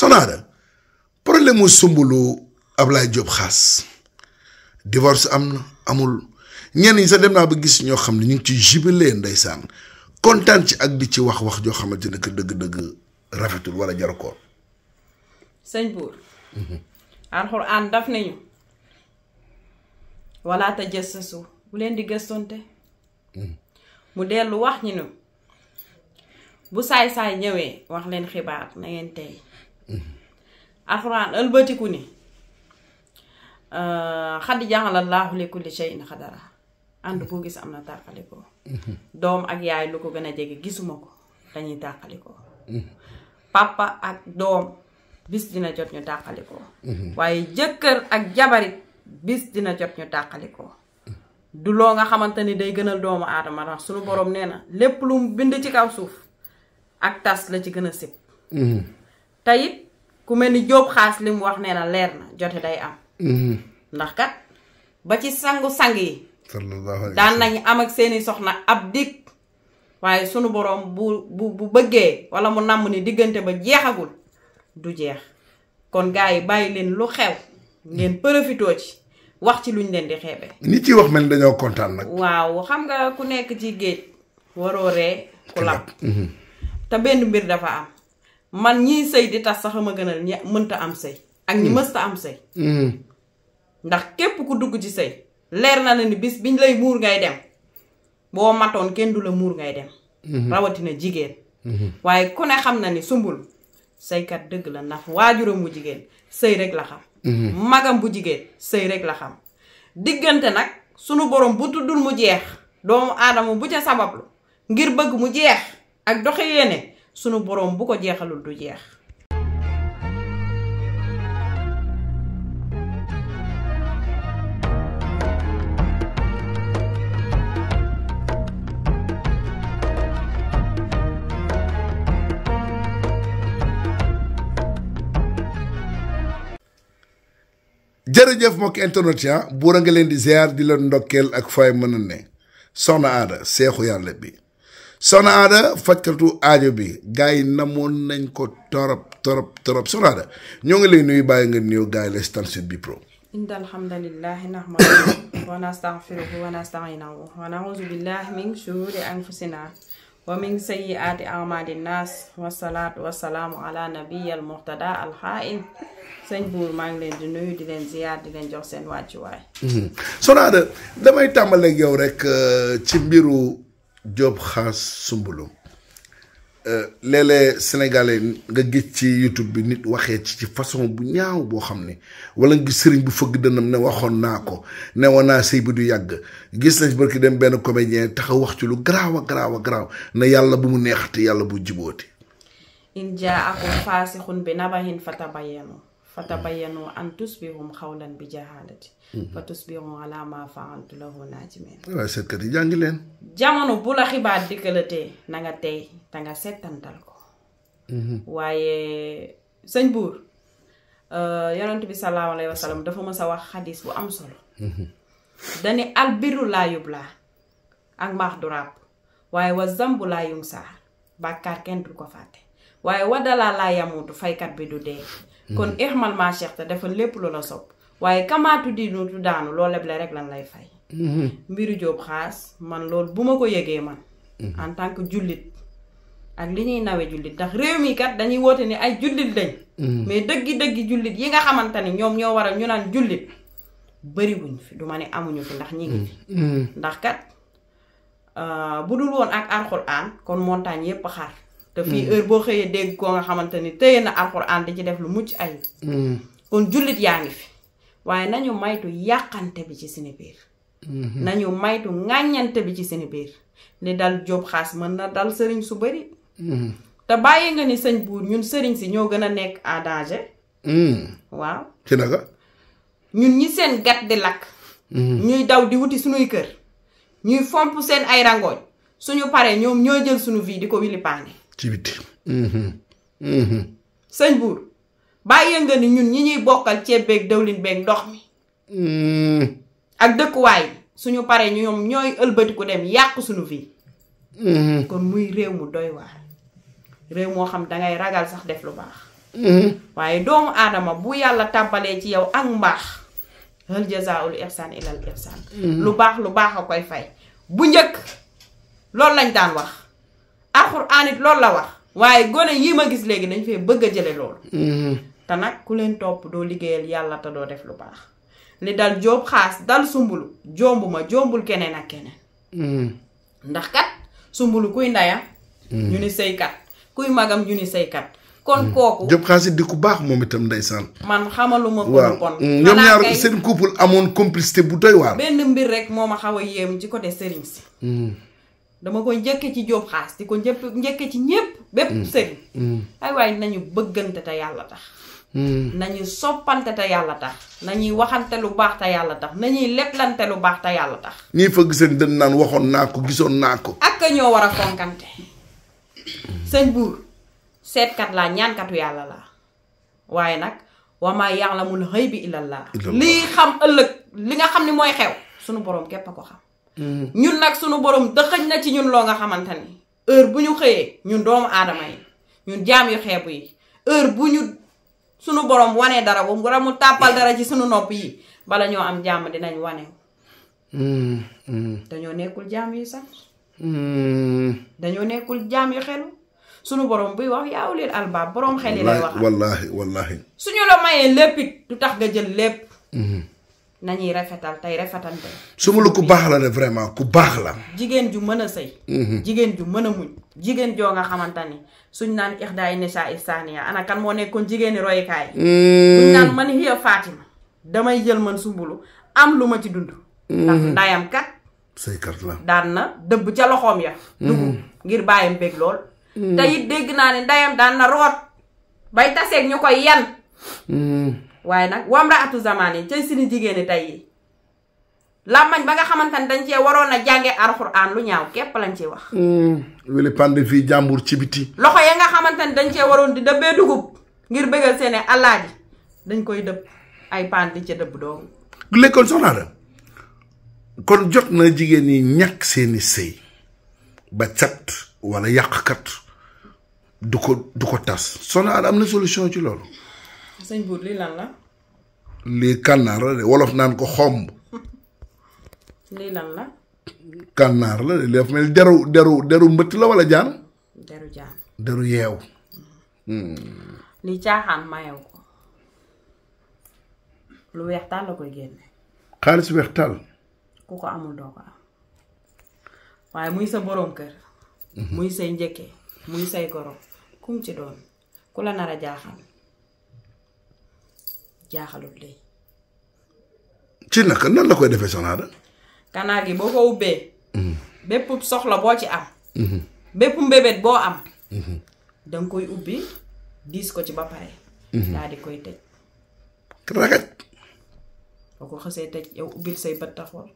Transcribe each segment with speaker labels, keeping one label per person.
Speaker 1: sonaara problème mu sumbulu Ablaye Diop xaas divorce am na amul ñenn ñi sax dem naa ba gis ñoo xam ne ñu ngi ciy jubilee ndeysaan kontaan ci ak di ci wax wax joo xamante ne que dëgg-dëgg rafetul wala jarukoon.
Speaker 2: sëñ Bour. alxuraan daf nañu. wala te jëssasu bu leen di gëstonte mu dellu wax ñu ne bu saay-saay ñëwee wax leen xibaar na ngeen Mm-hmm. alxuraan ëlbatiku ni euh, xaddi jàngalal laahu li kulli shay'in xadara ànd koo gis am na tàqalikoo mm-hmm. doom ak yaay lu ko gën a jege gisuma ko dañuy tàqalikoo mm-hmm. papa ak doom bis dina jot ñu tàqalikoo waaye jëkkër ak jabarit bis dina jot ñu tàqalikoo du loo nga xamante ni day gënal doomu aadama ndax suñu borom nee na lépp lu mu bind ci kaw suuf ak tas la ci gën a sib te ku mel ni Jóob xaas li mu wax nee na leer na jote day am mhm. ndax kat ba ci sangu-sang yi daan nañ am ak seeni soxna ab dig waaye sunu boroom bu bu bëggee walla mu nàmm ni diggante ba jeexagul du jeex kon gaa yi bàyyi leen lu xew ngeen profitoo ci wax ci luñ leen di xeebe
Speaker 1: ni ci wax mel dañoo kontaan nag
Speaker 2: waaw xam nga ku nekk ci géej waroo ree ku lab mhm. te benn mbir dafa am man ñii sëy di tas sax a ma gënal ñi mënta am sëy ak ñi hmm. mësta am sëy hmm. ndax képp ku dugg ci sëy leer na la ni bis biñ lay muur ngay dem boo matoon kenn du la muur ngay dem
Speaker 1: hmm. rawatina
Speaker 2: jigéen waaye ku ne xam na ni sumbul sëykat dëgg la ndax waajuram mu jigéen sëy rek la xam magam bu jigéen sëy rek la xam diggante nag sunu borom bu tuddul mu jeex doomu aadama bu ca sabablu ngir bëgg mu jeex ak doxe yéene sunu boroom bu ko jeexalul du jeex
Speaker 1: jërëjëf mbokk internet ya buur a nga leen di ziar di leen ndokkeel ak fay mën a ne soxna aada seexu yàlla bi Soxna Aada fajkatu aajo bi gars yi namoon nañ ko torop torop torop Soxna ñoo ngi lay nuyu bàyyi nga nuyu gars yi la Stan Sud Bipro
Speaker 2: إن الحمد لله نحمده ونستغفره ونستعينه ونعوذ بالله من شرور أنفسنا ومن سيئات أعمال الناس والصلاة والسلام على نبي المهتدى الحائل sëñ Bour maa ngi leen di nuyu di leen ziar di leen jox seen wàccuwaay.
Speaker 1: Mhm. Soxna damay tàmbaleeg yow rek euh, ci mbiru. Diop Xaas Sumbulu euh, léeg-léeg sénégalais nga gis ci YouTube bi nit waxee ci ci façon bu ñaaw boo xam ne wala nga gis sëriñ bu fëgg dënam ne waxoon naa ko ne woon naa sëy bi du yàgg gis nañ ki dem benn comédien taxaw wax ci lu garaaw a garaaw ne yàlla bu mu neex neexati yàlla bu jibooti
Speaker 2: in jaa akum faasixun bi nabahin fatabayanu fa tabayyanu an tusbihum xawlan bi jahalati mhm. fa tusbihu ala ma fa'altu lahu najimin ah,
Speaker 1: waaw seetkat yi jàngi leen
Speaker 2: jamono bu la xibaar dikkalatee na nga tey da nga settantal ko mhm. waaye sëñ buur euh, yonent bi salaahu alayhi wa sallam dafa mës a wax xadis bu am solo mhm. dani albiru laa yublaa ak mbaax du ràpp waaye wa zambu laa yum saar kenn du ko fàtte waaye wadalaa laa yamutu faykat bi du dee kon mm-hmm. ihmal ma chexte defal lépp lu la sopp waaye kamaatu di nutu daanu loo leble rek lan lay fay mm-hmm. mbiru jóob xaas man loolu bu ma ko yëgee man mm-hmm. en tant que jullit ak li ñuy nawe jullit ndax réew mi kat dañuy woote ni ay jullit lañ mais dëggi-dëggi jullit yi nga xamante ni ñoom ñoo waral ñu naan jullit bëriwuñ fi du ma ne amuñu fi ndax ñi ngi fi ndax kat euh, bu dul woon ak alxuraan kon montagne yépp xar te fii mm. heure boo xëyee dégg koo nga xamante ni téye na alxuraan di ci def lu mucc ay mm. kon jullit yaa ngi fi waaye nañu maytu yàqante bi ci seen biir
Speaker 1: mm-hmm. nañu
Speaker 2: maytu ŋàññante bi ci seen biir li dal Jóob Xaas mën na dal sëriñ su bari mm-hmm. te bàyyi nga ni sëñ buur ñun sëriñ si ñoo gën a nekk en danger mm. waaw ci ñun ñi seen gat di lakk mm-hmm. ñuy daw di wuti suñuy kër ñuy fomp seen ay rangooñ suñu paree ñoom ñoo jël suñu vie di ko wili paane
Speaker 1: ci biti. Mm-hmm. Mm-hmm.
Speaker 2: sëñ buur bàyyi nga ni ñun ñi ñuy bokkal ceeb beeg dëwlin beeg ndox mi. Mm-hmm. ak dëkkuwaay suñu paree ñoom ñooy ëlbatiku dem yàq suñu vie. kon muy réew mu doy waar. réew moo xam dangay ragal sax def lu baax. waaye doomu aadama bu yàlla tàbbalee ci yow ak mbaax. hal jazaa'ul ihsaan ilal ihsaan lu baax lu baax a koy fay. bu njëkk loolu lañ daan wax. alxuraan it loolu la wax waaye gone yii ma gis léegi dañ fee bëgg a jële loolu mm-hmm. te nag ku leen topp doo liggéeyal yàlla te doo def lu baax li dal jóob xaas dal sumbulu jombu ma jombul keneen ak keneen mm-hmm. ndax kat sumbulu kuy ndeyam mm-hmm. ñu ni sëykat kuy magam ñu ni sëykat kon kooku Diop
Speaker 1: Xaasit di ku baax moom itam ndeysaan.
Speaker 2: man xamaluma ko lu bon. Mm, ñoom ñaar seen
Speaker 1: couple amoon complicité bu doy waar.
Speaker 2: benn mbir rek moo ma xaw a yéem ci côté Serigne si. dama koy njëkkee ci Jóob Xaas di ko njëpp njëkkee ci ñépp bépp mm. sëriñ mm. ay waaye nañu bëggante te yàlla tax mm. nañu soppante te yàlla tax nañuy waxante lu baax te yàlla tax nañuy leblante lu baax te yàlla tax
Speaker 1: ñii fëgg seen dën naan waxoon naa ko gisoon naa ko
Speaker 2: ak ñoo war a fonkante sëñ buur seetkat laa ñaankatu yàlla laa waaye nag wamaa ya'lamul ghaybi illallaa lii xam ëllëg li nga xam ni mooy xew sunu boroom képp a ko xam Mm-hmm. ñun nag suñu borom dëxëj na ci ñun loo nga xamante ni heure bu ñu xëyee ñun doomu aadama yi ñun jaam yu xeebu yi heure bu ñu suñu borom wanee dara wala mu tàppal dara ci suñu nopp yi bala ñoo am jàmm dinañ wane.
Speaker 1: Mm-hmm.
Speaker 2: dañoo nekkul jaam yi sax.
Speaker 1: Mm-hmm.
Speaker 2: dañoo nekkul jaam yu xelu suñu borom buy wax yaa ulil albaab borom xel yi lay wax.
Speaker 1: wallaahi wallaahi.
Speaker 2: suñu la mayee lépp it tax nga jël lépp. nañuy rafetal tey rafetante.
Speaker 1: su ma ku baax la de vraiment ku baax la.
Speaker 2: jigéen ju mën a sëy. Mhm. jigéen ju mën a muñ. jigéen joo nga xamante ni suñ naan ixdaay nisaa isaaniya moo nekkoon jigéeni roykaay. Mm. buñ damay jël man sumbulu am lu ma ci dund.
Speaker 1: Mm-hmm. ndax ndayam
Speaker 2: daan na dëbb ca loxoom ya. Mm-hmm. dugub ngir bàyyam bég lool. Mm-hmm. te dégg naa ne ndayam daan na root. bay taseeg ñu koy yan. waaye nag wamra atu zamaan yi cay sini jigéeni tey yi làmmañ ba nga xamante ne dañ cee waroon a jànge alxuraan lu ñaaw képp lañ ciy wax
Speaker 1: weli hmm. pande fii jàmbur ci biti
Speaker 2: loxo ya nga xamante ne dañ cee waroon di dëbbee dugub ngir bëggal seeni alaaji dañ koy dëpp ay paan di ca dëbb doomu
Speaker 1: lékkoon soxnaa da kon jot na jigéen ñi ñàkk seeni sëy ba cat yàqkat du ko du ko tas soxnaa am na solution ci loolu
Speaker 2: sëñ buur lii lan la.
Speaker 1: lii kànnaar la de wolof naan ko xomb.
Speaker 2: lii lan la.
Speaker 1: kànnaar la de li dafa mel deru deru deru mbëtt la wala jaan. deru jaan deru yeew. Hmm.
Speaker 2: lii caaxaan mayew ko. lu weex taal la koy génne.
Speaker 1: xaalis weex taal.
Speaker 2: ku ko amul doo ko am waaye muy sa boroom kër. Mhm. muy say njëkke muy say goro kum ci doon ku la nar a jaaxal. jaaxalut leen.
Speaker 1: ci naka nan la koy defee
Speaker 2: gi boo ko ubbee. Mhm. soxla boo ci am. Mhm. bépp mbébét boo am. Mhm. danga koy ubbi diis ko ci ba pare. daal di koy tëj. ragat. boo ko xësee tëj yow ubbil say bët taxawal.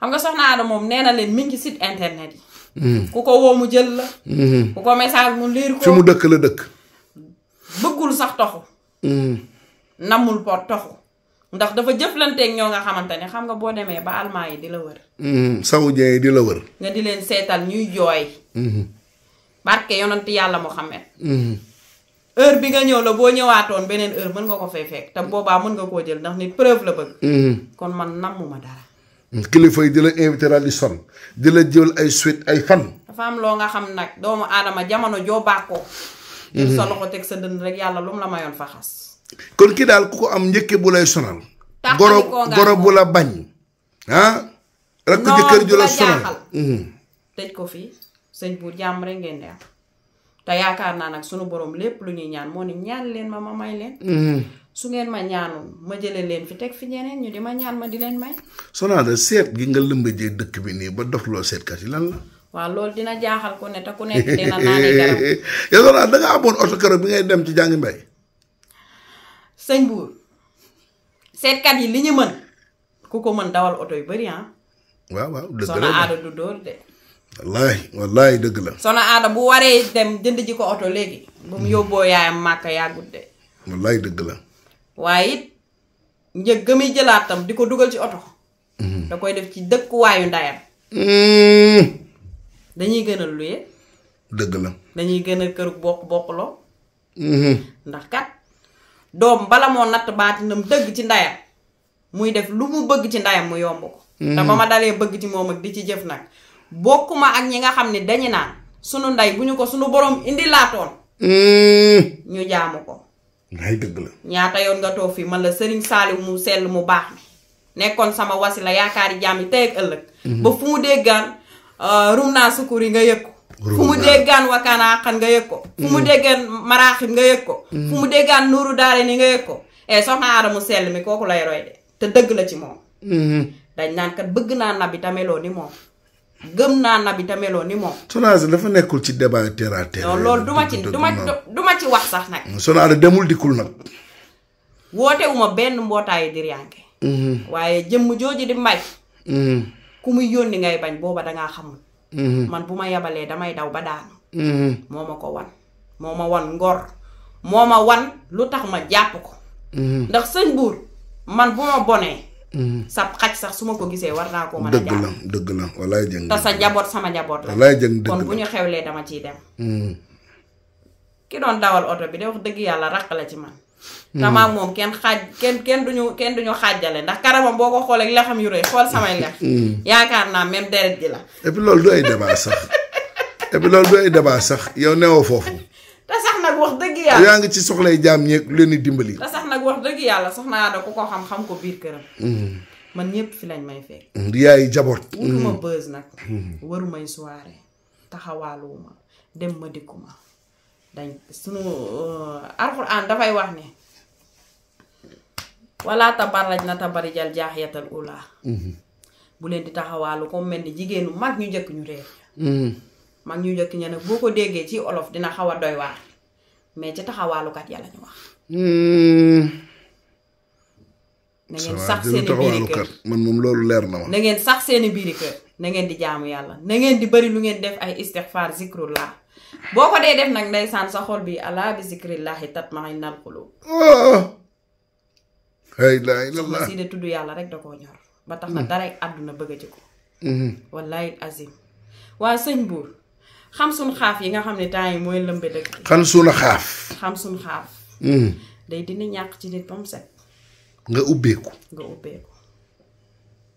Speaker 2: xam nga soxna Ada moom nee na leen mi ngi site internet yi. ku ko woo mu jël la. ku ko message mu liir ko. fi mu dëkk la dëkk. bëggul sax toxu. namul pot toxu ndax dafa jëflanteeg ñoo nga xamante ne xam nga boo demee ba almaa yi di la wër.
Speaker 1: Mm-hmm. saoudien yi di la wër.
Speaker 2: nga di leen seetal ñuy jooy. Mm-hmm. barke yonent yàlla mu Muhammad mm-hmm. heure bi nga ñëw la boo ñëwaatoon beneen heure mën nga ko fay fekk te boobaa mën nga koo jël ndax nit preuve la bëgg. kon man nammuma dara.
Speaker 1: kilifa yi di la invité daal di son di la jël ay suite ay fan.
Speaker 2: dafa am loo nga xam nag doomu aadama jamono joo bàkkoo. sa loxo teg sa dënd rek yàlla lu la mayoon fa
Speaker 1: kon kii daal ku ko am njëkke bu lay sonal.
Speaker 2: goro goro bu
Speaker 1: la bañ. ah rakk jëkkër ju la sonal mm-hmm.
Speaker 2: tëj ko fii sëñ bu jàmm rek ngeen di am te yaakaar naa nag sunu borom lépp lu ñuy ñaan moo ni ñaan leen ma ma may leen. Mm-hmm. su ngeen ma ñaanul ma jëlee leen fi teg fi ñeneen ñu di ma ñaan ma di leen may.
Speaker 1: Sonaada seet gi nga lëmbëjee dëkk bi nii ba dof loo seetkat la.
Speaker 2: waaw loolu dina jaaxal ku ne te ku nekk
Speaker 1: amoon oto keroog bi ngay dem ci jàngi mbay.
Speaker 2: sëñ buur seetkat yi li ñu mën ku ko mën dawal oto yu bari ah.
Speaker 1: waaw waaw dëgg la soxna aada du dóor de. wallaay wallaay dëgg la.
Speaker 2: soxna aada bu waree dem jënd ji ko oto léegi. ba mu hmm. yóbboo yaayam màkk yàggut de.
Speaker 1: wallaay dëgg la.
Speaker 2: waaye it njëg ga muy jëlaatam di ko dugal ci oto. Hmm. da koy def ci dëkkuwaayu ndayam.
Speaker 1: Hmm.
Speaker 2: dañuy gën a luye. dëgg la. dañuy gën a kër bokk bokkuloo. ndax kat. doom bala moo natt baatinam dëgg ci ndayam muy def lu mu bëgg ci ndayam mu yomb ko mm-hmm. te ba ma dalee bëgg ci moom ak di ci jëf nag ma ak ñi nga xam ni dañu naan sunu ndey bu ñu ko sunu boroom indi laatoon
Speaker 1: mm-hmm.
Speaker 2: ñu jaamu ko ay dëgg la ñaata yoon nga toog fii man la sëriñ Saaliw mu sell mu baax mi nekkoon sama wasila yaakaari jaam yi tey ak ëllëg mm-hmm. ba fu mu déggaan euh, rum naa sukkur yi nga yëg fu mu déggaan wakkaanaa xan nga yëg ko fu mu mm. déggaan maraaxib nga yëg ko mm. fu mu déggaan nuuru daare ni nga yëg ko e soxna Adama sell mi kooku lay roy de te dëgg la ci moom mm-hmm. dañ naan kat bëgg naa nabi tameloo ni moom gëm naa nabi tameloo ni moom
Speaker 1: Sonaada dafa nekkul ci débat terre à terre loolu
Speaker 2: duma ci wax sax nag
Speaker 1: Sonaada demul dikkul nag
Speaker 2: wootewuma benn mbootaayu diryanke mm-hmm. waaye jëmm jooju di mbay mm-hmm. ku muy yónni ngay bañ booba dangaa xamul Mm-hmm. man bu ma yabalee damay daw ba daanu. Mm-hmm. moo ma ko wan moo ma wan ngor moo ma wan lu tax ma jàpp ko. Mm-hmm. ndax sëñ buur man bu ma bonee. sa xaj sax su ma ko gisee war naa koo mën a. dëgg la dëgg la walaay jëng te sa njaboot sama njaboot la. walaay jëng dëgg kon bu ñu xewlee dama ciy dem. ki doon dawal oto bi de wax dëgg yàlla raq la ci man. te hmm. maag moom kenn xaaj kenn kenn duñu kenn duñu xaajale ndax karamam boo ko xoolee lexam yu rëy xool samay lex hmm. yaakaar naa même deret ji la et
Speaker 1: du ay débat sax et puis loolu du ay débat sax yow newoo foofu
Speaker 2: te yaa ngi ci soxlay
Speaker 1: jaam ñeeg leen di dimbali te
Speaker 2: sax nag dëgg yàlla soxna Aada ku ko xam-xam ko biir këram hmm. man ñëpp fi lañ may fekk
Speaker 1: yaay jaboot wutuma bës nag
Speaker 2: warumay soirée taxawaaluwuma dem ma dikkuma dañ sunu euh, alxuraan dafay wax ne wala tabarraj na tabari tabarijal jaaxiyatal ula mhm. bu leen di taxawaalu ko mel ni jigéenu mag ñu njëkk ñu réer mhm. mag ñu njëkk ña nag boo ko déggee ci olof dina xaw a doy waa mais ci taxawaalukat ya lañu wax
Speaker 1: mhm.
Speaker 2: na sax seeni biiri kër
Speaker 1: man loolu leer ma na
Speaker 2: ngeen sax seeni biiri na ngeen di jaamu yàlla na ngeen di bari lu ngeen def ay istixfaar zikrullah boo ko dee def nag ndeysaan sa xol bi alaa bi zikrillahi tatma'innal qulub ah!
Speaker 1: ay la illallah si de
Speaker 2: tudd yàlla rek da koo ñor. ba tax na hmm. dara àdduna bëgg a jëkku. Hmm. wallaay azim. waaye sëñ buur xam suñu xaaf yi nga xam ne temps yi mooy lëmbe dëkk. xam
Speaker 1: suñu xaaf.
Speaker 2: xam suñu xaaf. Hmm. dina ñàkk ci nit ba mu set.
Speaker 1: nga ubbeeku. nga ubbeeku.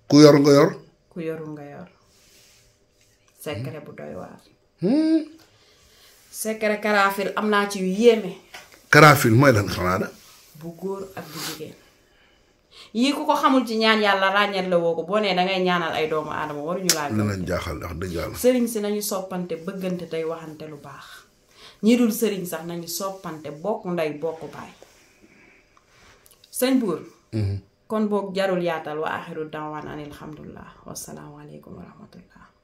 Speaker 1: ku yor nga yor.
Speaker 2: ku yorul nga yor. secret bu doy waar. secret karaafil am naa ci yu yéeme.
Speaker 1: karaafil mooy lan xanaa da
Speaker 2: bu góor ak bu jigéen. yii ko xamul ci ñaan yàlla ràññeet la woo ko boo nee dangay ñaanal ay doomu adama waruñu laa gën
Speaker 1: a jaaxal ndax dëgg yàlla
Speaker 2: sëriñ si nañu soppante bëggante tey waxante lu baax ñiirul sëriñ sax nañu soppante bokk ndey bokk baay sëñ buur mhm. kon boog jarul yaatal wa axiru wan an alhamdulilah wasalaamualeykum wa rahmatullah